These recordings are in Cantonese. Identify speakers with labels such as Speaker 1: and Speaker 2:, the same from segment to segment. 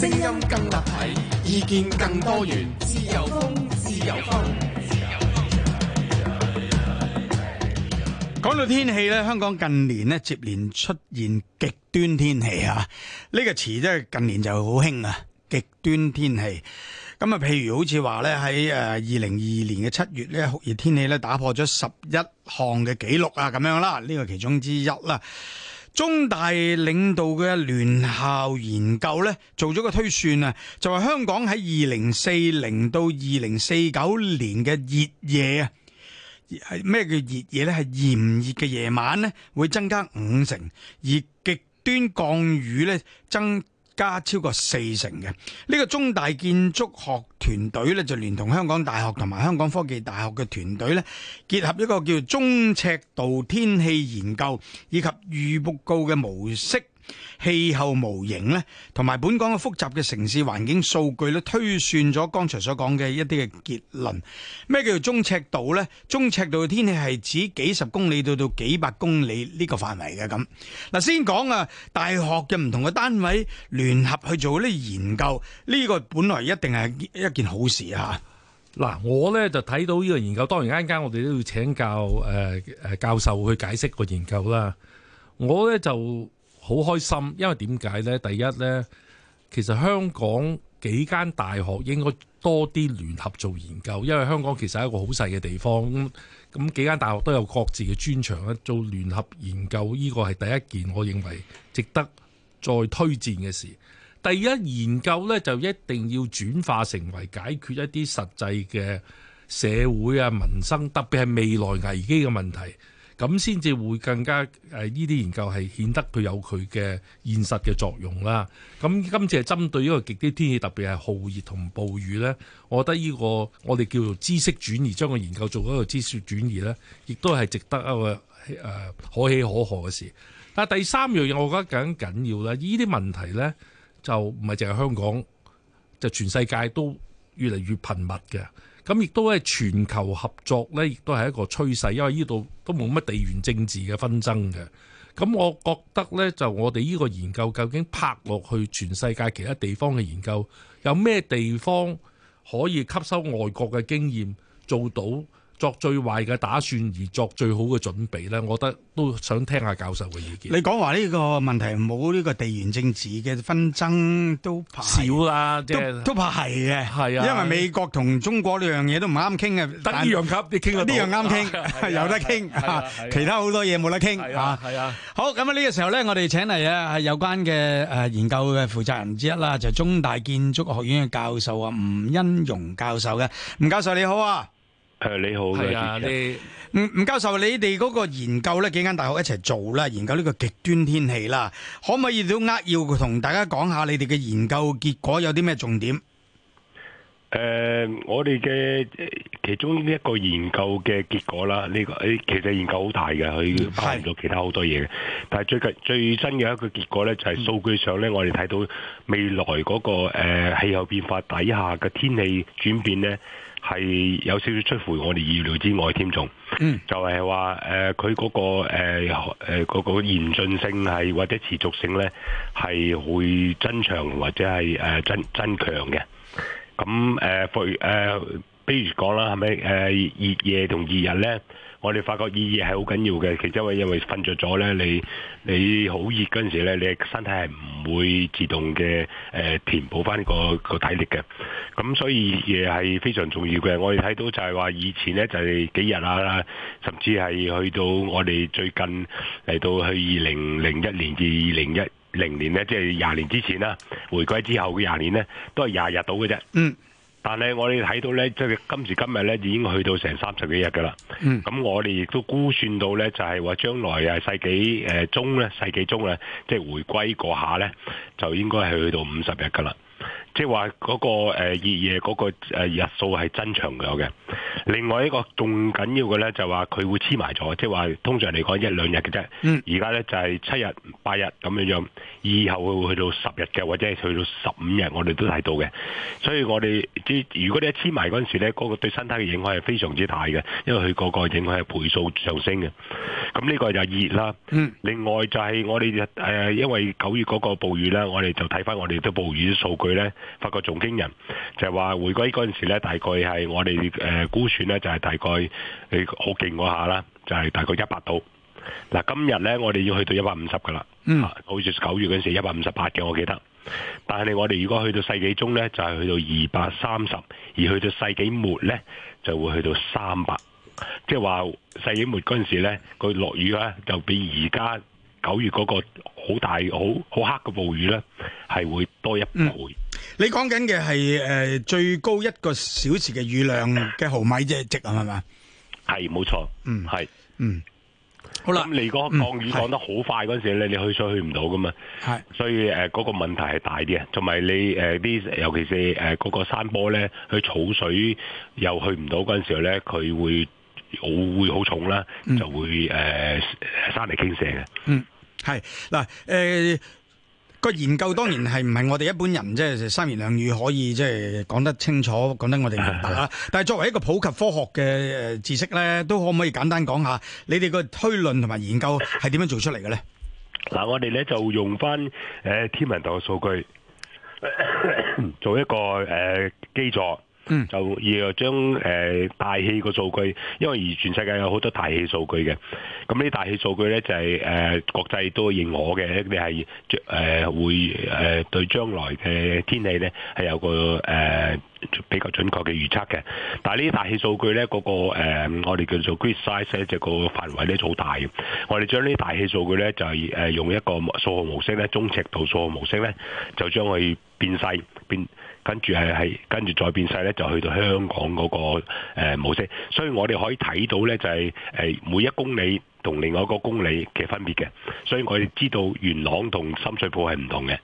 Speaker 1: 聲音更立體，意見更多元，自由風，自由
Speaker 2: 風，自由風。講到天氣呢，香港近年呢接連出現極端天氣吓，呢、呢個詞真係近年就好興啊！極端天氣，咁啊，譬如好似話呢，喺誒二零二二年嘅七月呢，酷熱天氣呢打破咗十一項嘅紀錄啊，咁樣啦，呢個其中之一啦。中大領導嘅聯校研究咧，做咗個推算啊，就話香港喺二零四零到二零四九年嘅熱夜啊，咩叫熱夜咧？係炎熱嘅夜晚咧，會增加五成，而極端降雨咧增加超過四成嘅。呢個中大建築學團隊呢，就連同香港大學同埋香港科技大學嘅團隊呢，結合一個叫中尺度天氣研究以及預報嘅模式。氣候模型呢，同埋本港嘅複雜嘅城市環境數據咧，推算咗剛才所講嘅一啲嘅結論。咩叫做中尺度呢？中尺度嘅天氣係指幾十公里到到幾百公里呢個範圍嘅咁。嗱，先講啊，大學嘅唔同嘅單位聯合去做呢研究，呢、這個本來一定係一件好事啊。
Speaker 3: 嗱，我呢就睇到呢個研究，當然間間我哋都要請教誒誒教授去解釋個研究啦。我呢就。好開心，因為點解呢？第一呢，其實香港幾間大學應該多啲聯合做研究，因為香港其實係一個好細嘅地方，咁幾間大學都有各自嘅專長咧，做聯合研究呢個係第一件，我認為值得再推薦嘅事。第一研究呢，就一定要轉化成為解決一啲實際嘅社會啊民生，特別係未來危機嘅問題。咁先至會更加啊、呢啲研究係顯得佢有佢嘅現實嘅作用啦。咁、啊、今次係針對呢個極端天氣，特別係酷熱同暴雨呢。我覺得呢個我哋叫做知識轉移，將個研究做一個知識轉移呢，亦都係值得一個、呃、可喜可賀嘅事。但第三樣嘢，我覺得更緊要啦。呢啲問題呢，就唔係淨係香港，就全世界都越嚟越頻密嘅。咁亦都係全球合作呢，亦都係一個趨勢，因為呢度都冇乜地緣政治嘅紛爭嘅。咁我覺得呢，就我哋呢個研究究竟拍落去全世界其他地方嘅研究，有咩地方可以吸收外國嘅經驗，做到？作最壞嘅打算，而作最好嘅準備咧，我覺得都想聽下教授嘅意見。你講話呢個問題冇呢個地緣政治嘅紛爭
Speaker 2: 都
Speaker 1: 怕少啦、就是，都怕係嘅，係啊的，因為美
Speaker 2: 國同中國呢樣嘢都唔啱傾嘅，的但得呢樣級你傾得，呢樣啱傾，有得傾，其他好多嘢冇得傾啊。係啊，好咁啊，呢個時候咧，我哋請嚟啊，有關嘅誒研究嘅負責人之一啦，就係、是、中大建築學院嘅教授啊，吳恩融教授嘅。吳教授你好啊！
Speaker 1: 誒，你好，係
Speaker 2: 啊，你吳吳教授，你哋嗰個研究呢幾間大學一齊做啦，研究呢個極端天氣啦，可唔可以都呃要同大家講下你哋嘅研究結果有啲咩重點？
Speaker 1: 誒，我哋嘅其中呢一個研究嘅結果啦，呢個誒，其實研究好大嘅，佢包含咗其他好多嘢。但係最近最新嘅一個結果咧，就係，就係數據上咧，我哋睇到未來嗰，嗰個誒呃、氣候變化底下嘅天氣轉變咧，係有少少出乎我哋意料之外添。仲嗯、就係，就係話誒，佢嗰，嗰個誒誒個延進性係或者持續性咧，係會增長或者係誒增增強嘅。咁誒，誒、啊啊，比如講啦，係咪誒熱夜同熱日咧？我哋發覺熱夜係好緊要嘅，其實因為瞓着咗咧，你你好熱嗰陣時時咧，你,你身體係唔會自動嘅誒、啊，填補翻、呢個、個體力嘅。咁所以熱夜係非常重要嘅。我哋睇到就係話以前咧，就係、是、幾日啊，甚至係去到我哋最近嚟到去二零零一年至二零一。2001, 零年咧，即係廿年之前啦，回歸之後嘅廿年咧，都係廿日到嘅啫。嗯，但係我哋睇到咧，即係今時今日咧，已經去到成三十幾日噶啦。嗯，咁我哋亦都估算到咧，就係話將來啊世紀誒中咧，世紀中咧，即係回歸嗰下咧，就應該係去到五十日噶啦。即係話嗰個誒熱夜嗰個誒日數係增長咗嘅。另外一個仲緊要嘅咧，就話佢會黐埋咗，即係話通常嚟講一兩日嘅啫。而家咧就係七日、八日咁樣樣，以後會去到十日嘅，或者係去到十五日，我哋都睇到嘅。所以我哋即如果你一黐埋嗰陣時咧，嗰個對身體嘅影響係非常之大嘅，因為佢個個影響係倍數上升嘅。咁呢個就熱啦。另外就係我哋誒，因為九月嗰個暴雨咧，我哋就睇翻我哋啲暴雨啲數據咧。發覺仲驚人，就係話回歸嗰陣時咧，大概係我哋誒估算咧，就係大概你好勁嗰下啦，就係大概一百度。嗱，今日咧我哋要去到一百五十噶啦。嗯。好似九月嗰陣時一百五十八嘅我記得，但係我哋如果去到世紀中咧，就係去到二百三十；而去到世紀末咧，就會去到三百。即係話世紀末嗰陣時咧，佢落雨咧就比而家九月嗰個好大好好黑嘅暴雨咧，係會多一
Speaker 2: 倍。嗯你講緊嘅係誒最高一個小時嘅雨量嘅毫米嘅值係咪啊？
Speaker 1: 係冇錯，嗯係，嗯好啦。咁你個降雨降得好快嗰陣時咧，你去水去唔到噶嘛？係，所以誒嗰個問題係大啲啊，同埋你誒啲尤其是誒嗰個山坡咧，去儲水又去唔到嗰陣時候咧，佢會會會好重啦，就會誒山泥傾瀉嘅。嗯，
Speaker 2: 係嗱誒。個研究當然係唔係我哋一般人即係三言兩語可以即係講得清楚、講得我哋明白啦。但係作為一個普及科學嘅知識呢，都可唔可以簡單講下你哋個推論同埋研究係點樣
Speaker 1: 做出嚟嘅呢？嗱，我哋呢就用翻誒、呃、天文台嘅數據 做一個誒、呃、基座。嗯，就要將、呃、大氣個數據，因為而全世界有好多大氣數據嘅，咁呢啲大氣數據咧就係國際都認可嘅，你係會對將來嘅天氣咧係有個比較準確嘅預測嘅。但係呢啲大氣數據呢，嗰、就是呃呃呃、個、呃那個呃、我哋叫做 grid size 就是、個範圍咧好大，我哋將呢啲大氣數據咧就係用一個數學模式，中尺度數學模式咧就將佢變細變。跟住係跟住再變細咧，就去到香港嗰個，呃，模式，所以我哋可以睇到咧，就係，呃，每一公里同另外一個公里其實分別嘅，所以我哋知道元朗同深水埗係唔同嘅，咁樣，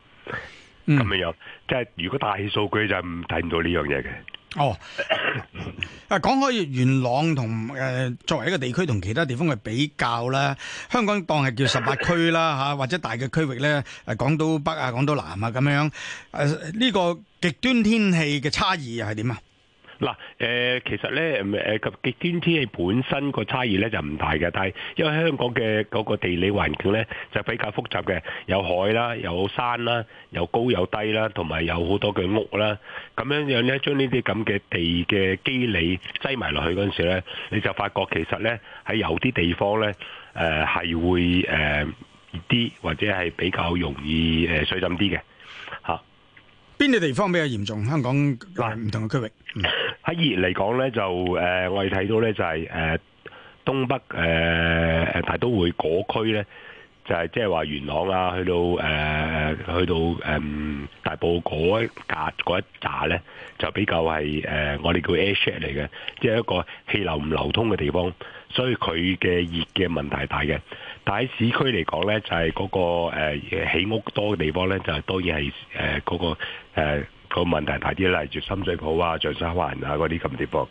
Speaker 1: 嗯，樣即係如果大數據就唔睇唔到呢樣嘢嘅。
Speaker 2: 哦，啊，講開元朗同誒、呃、作為一個地區同其他地方嘅比較啦，香港當係叫十八區啦吓，或者大嘅區域咧，誒、呃，港島北啊，港島南啊咁樣，誒、呃，呢、這個極端天氣嘅差異又係點啊？
Speaker 1: 嗱、呃，其實咧，誒，極端天氣本身個差異咧就唔大嘅，但係因為香港嘅嗰個地理環境咧就比較複雜嘅，有海啦，有山啦，有高有低啦，同埋有好多嘅屋啦，咁樣樣咧將呢啲咁嘅地嘅肌理擠埋落去嗰陣時咧，你就發覺其實咧喺有啲地方咧，誒、呃、係會誒、呃、熱啲，或者係比較容易水浸啲嘅，嚇。
Speaker 2: 邊個地方比較嚴重？香港嗱，唔同嘅區域
Speaker 1: 喺熱嚟講咧，就誒，我哋睇到咧就係誒，東北誒誒大都會嗰區咧。就係即係話元朗啊，去到誒、呃、去到誒、呃、大埔嗰一格嗰一拃咧，就比較係誒、呃、我哋叫 airshed 嚟嘅，即、就、係、是、一個氣流唔流通嘅地方，所以佢嘅熱嘅問題大嘅。但喺市區嚟講咧，就係嗰個起屋多嘅地方咧，就係當然係誒嗰個誒個問題大啲，例如深水埗啊、長沙灣啊嗰啲咁地方。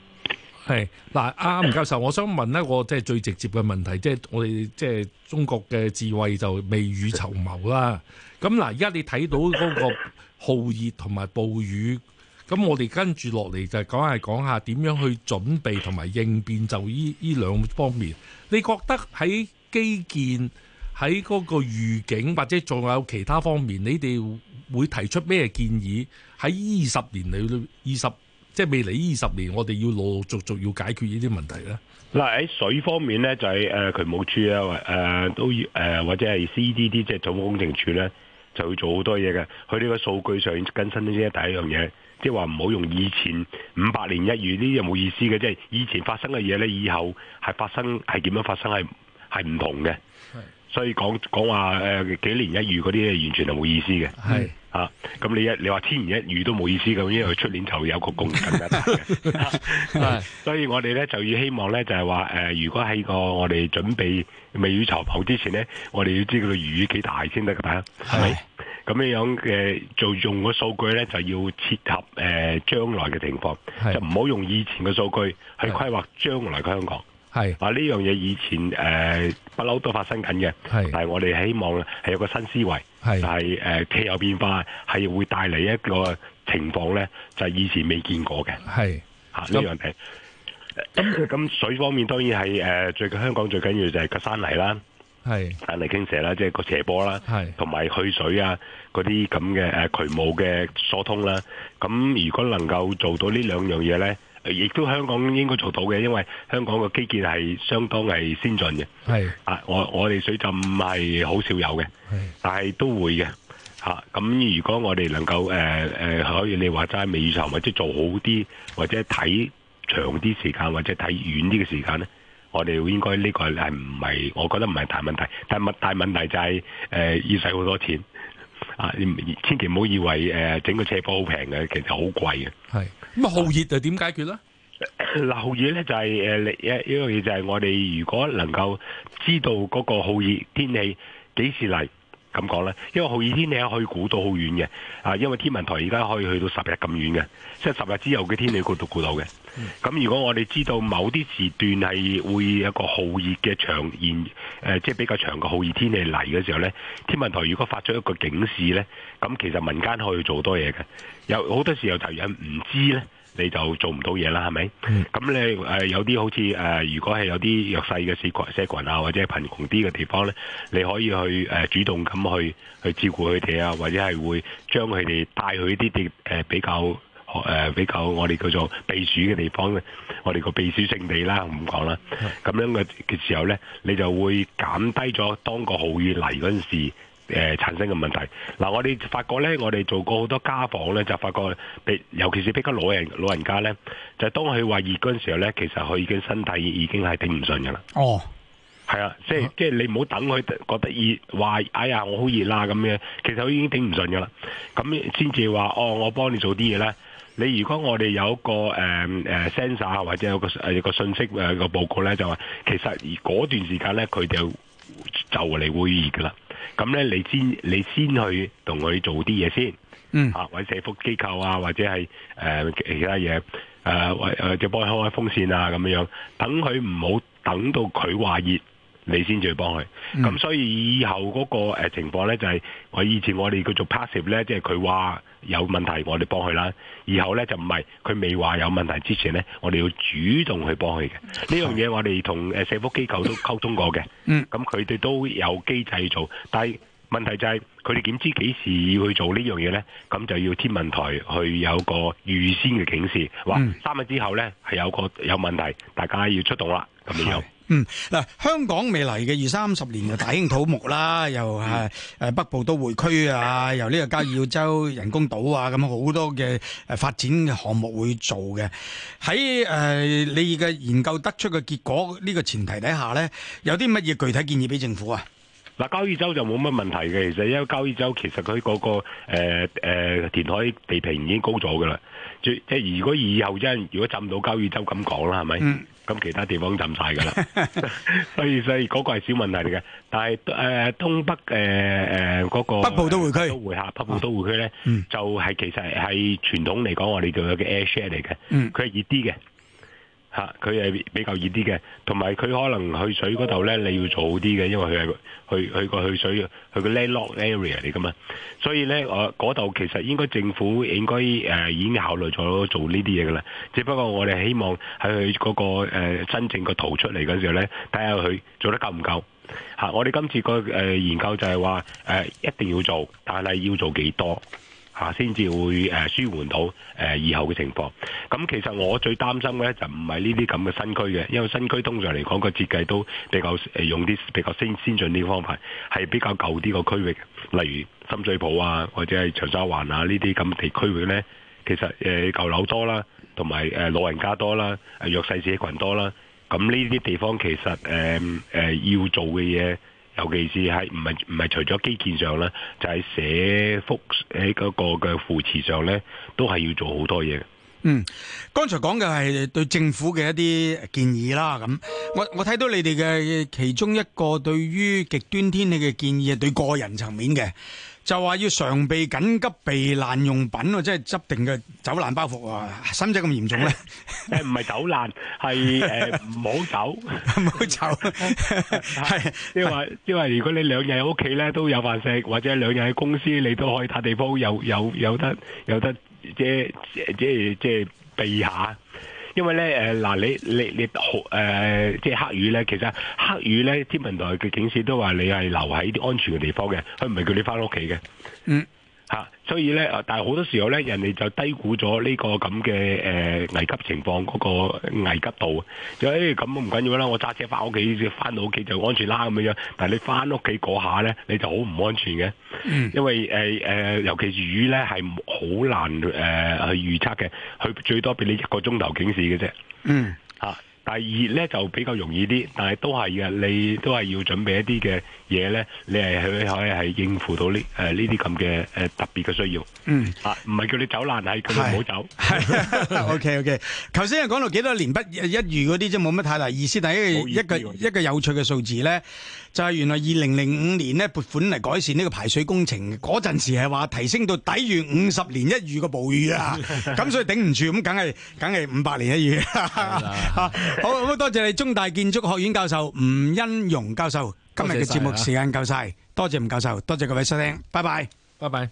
Speaker 3: 係嗱，阿、啊、吳教授，我想問一個即係最直接嘅問題，即、就、係、是、我哋即、就是、中國嘅智慧就未雨綢繆啦。咁嗱，而家你睇到嗰個酷熱同埋暴雨，咁我哋跟住落嚟就講係講下點樣去準備同埋應變就呢呢兩方面。你覺得喺基建、喺嗰個預警或者仲有其他方面，你哋會提出咩建議？喺二十年裏。二十？即係未嚟二十年，我哋要陸陸續續要解決呢啲問題咧。
Speaker 1: 嗱喺水方面咧，就係誒渠務處啊，誒、呃、都誒、呃、或者係 CDD 即係總務工程處咧，就會做好多嘢嘅。佢呢個數據上更新呢啲第一樣嘢，即係話唔好用以前五百年一遇呢啲冇意思嘅，即係以前發生嘅嘢咧，以後係發生係點樣發生係係唔同嘅。係，所以講講話誒幾年一遇嗰啲完全係冇意思嘅。係。啊！咁你一你話千年一遇都冇意思咁，因為佢出年就有個共應咁大嘅。所以我呢，我哋咧就要希望咧就係話誒，如果喺個我哋準備未雨綢繆之前咧，我哋要知道佢雨幾大先得噶嘛？係咪咁樣樣嘅，就用個數據咧就要切合誒將來嘅情況，的就唔好用以前嘅數據去規劃將來嘅香港。係啊！呢樣嘢以前誒，不、呃、嬲都發生緊嘅。係是，但係我哋希望係有個新思維，係是，就係、是、誒、呃，氣候變化係會帶嚟一個情況咧，就係、是、以前未見過嘅。係是，吓呢樣嘢。咁、嗯嗯、水方面，當然係誒、呃，最近香港最緊要就係個山泥啦，係是，山泥傾瀉啦，即係個斜坡啦，係是，同埋去水啊，嗰啲咁嘅誒渠務嘅疏通啦。咁如果能夠做到呢兩樣嘢咧？亦都香港應該做到嘅，因為香港嘅基建係相當係先進嘅。啊，我我哋水浸係好少有嘅，但係都會嘅嚇。咁如果我哋能夠誒、呃呃、可以你話齋未雨綢繆，或者做好啲，或者睇長啲時間，或者睇遠啲嘅時間咧，我哋應該呢、這個係唔係？我覺得唔係大問題，但係大問題就係、是、誒、呃、要使好多錢。啊！千祈唔好以為誒，整個斜坡好平嘅，其實好貴嘅。係咁啊，酷熱就點解決咧？嗱，酷熱咧就係誒，一一個嘢就係我哋如果能夠知道嗰個酷熱天氣幾時嚟，咁講咧。因為酷熱天氣可以估到好遠嘅，啊，因為天文台而家可以去到十日咁遠嘅，即係十日之後嘅天氣估到估到嘅。咁、嗯、如果我哋知道某啲時段係會有個酷熱嘅長延，誒、呃，即係比較長嘅酷熱天氣嚟嘅時候呢，天文台如果發出一個警示呢，咁其實民間可以做多嘢嘅。有好多時候就人唔知呢，你就做唔到嘢啦，係咪？咁、嗯、你誒、呃，有啲好似誒、呃，如果係有啲弱勢嘅社群啊，或者貧窮啲嘅地方呢，你可以去誒、呃、主動咁去去照顧佢哋啊，或者係會將佢哋帶去啲啲誒比較誒比較我哋叫做避暑嘅地方咧，我哋個避暑勝地啦，唔講啦。咁樣嘅嘅時候咧，你就會減低咗當個豪雨嚟嗰陣時誒、呃、產生嘅問題。嗱、啊，我哋發覺咧，我哋做過好多家訪咧，就發覺，尤其是比較老人老人家咧，就係、當佢話熱嗰陣時候咧，其實佢已經身體已經係頂唔順㗎喇。哦，係啊，即係即係你唔好等佢覺得熱，話哎呀我好熱啦、啊、咁樣，其實佢已經頂唔順㗎喇，咁先至話哦，我幫你做啲嘢咧。你如果我哋有個誒誒、uh, uh, sensor 或者有個誒有個信息、uh, 個報告咧，就話其實嗰段時間咧，佢就就嚟會熱噶啦。咁咧，你先你先去同佢做啲嘢先，嗯啊，揾社福機構啊，或者係誒、uh, 其他嘢誒，誒即係幫佢開開風扇啊咁樣樣，等佢唔好等到佢話熱，你先至去幫佢。咁、嗯、所以以後嗰、那個、uh, 情況咧，就係、是、我以前我哋叫做 passive 咧，即係佢話。有問題我哋幫佢啦，然後呢，就唔係佢未話有問題之前呢，我哋要主動去幫佢嘅。呢樣嘢我哋同誒社福機構都溝通過嘅。嗯，咁佢哋都有機制做，但係問題就係佢哋點知幾時要去做呢樣嘢呢？咁就要天文台去有個預先嘅警示，話三日之後呢，係有個有問題，大家要出動啦咁樣。嗯，
Speaker 2: 嗱，香港未來嘅二三十年就大興土木啦，又係北部都會區啊，由呢個交椅洲人工島啊，咁好多嘅誒發展嘅項目會做嘅。喺誒、呃、你嘅研究得出嘅結果呢，呢個前提底下咧，有啲乜嘢具體建議俾政府啊？
Speaker 1: 嗱，交椅洲就冇乜問題嘅，其實因為交椅洲其實佢、那、嗰個誒、呃呃、填海地平已經高咗噶啦，即係如果以後真係如果浸到交椅洲咁講啦，係咪？咁、嗯、其他地方浸晒㗎啦。所以所以嗰個係小問題嚟嘅，但係誒、呃、東北誒誒嗰個北部都會區都會下北部都會區咧，嗯、就係其實係傳統嚟講，我哋叫做嘅 air share 嚟嘅，佢係、嗯、熱啲嘅。吓，佢係比較熱啲嘅，同埋佢可能去水嗰度咧，你要做好啲嘅，因為佢係去去個去水，佢個 landlock area 嚟噶嘛。所以咧，我嗰度其實應該政府應該誒、呃、已經考慮咗做呢啲嘢噶啦。只不過我哋希望喺佢嗰個誒申請個圖出嚟嗰陣時咧，睇下佢做得夠唔夠。吓、呃，我哋今次個誒研究就係話誒一定要做，但係要做幾多？先至會誒舒緩到誒以後嘅情況。咁其實我最擔心嘅咧就唔係呢啲咁嘅新區嘅，因為新區通常嚟講個設計都比較誒用啲比較先先進啲方法，係比較舊啲個區域，例如深水埗啊，或者係長沙灣啊呢啲咁地區域咧。其實誒舊樓多啦，同埋誒老人家多啦，弱勢社群多啦。咁呢啲地方其實誒誒、嗯嗯、要做嘅嘢。尤其是喺唔係唔係除咗基建上咧，就係、是、社福喺嗰個嘅扶持上咧，都係要做好多嘢嘅。嗯，
Speaker 2: 剛才講嘅係對政府嘅一啲建議啦。咁我我睇到你哋嘅其中一個對於極端天氣嘅建議係對個人層面嘅。就話要常備緊急避難用品，即係執定嘅走難包袱啊，使唔使咁嚴重咧？誒，唔係走難，係
Speaker 1: 誒唔好走，唔好 走，係因為如果你兩日喺屋企咧都有飯食，或者兩日喺公司，你都可以笪地鋪，有有有得有得即即即避下。因為咧，誒、呃、嗱，你你你好，誒、呃、即係黑雨咧，其實黑雨咧，天文台嘅警示都話你係留喺啲安全嘅地方嘅，佢唔係叫你翻屋企嘅。嗯。所以咧，但係好多時候咧，人哋就低估咗呢個咁嘅誒危急情況嗰、那個危急度。所以咁唔緊要啦，我揸車返屋企，返到屋企就安全啦咁樣樣。但係你返屋企嗰下咧，你就好唔安全嘅，因為誒誒、呃，尤其是雨咧係好難誒去、呃、預測嘅，佢最多俾你一個鐘頭警示嘅啫。嗯，嚇。啊第二咧就比較容易啲，但係都係嘅，你都係要準備一啲嘅嘢咧，你係佢可以係應付到呢誒呢啲咁嘅誒特別嘅需要。嗯，啊唔係叫你走難係，叫你唔好
Speaker 2: 走。係，OK OK。頭先又講到幾多年不一遇嗰啲啫，冇乜太大意思，但係一個一個有趣嘅數字咧，就係原來二零零五年咧撥款嚟改善呢個排水工程嗰陣時係話提升到抵禦五十年一遇嘅暴雨啊，咁所以頂唔住，咁梗係梗係五百年一遇。好好多謝你，中大建築學院教授吳恩融教授，今日嘅節目時間夠晒，多謝吳教授，多謝各位收聽，拜拜，拜拜。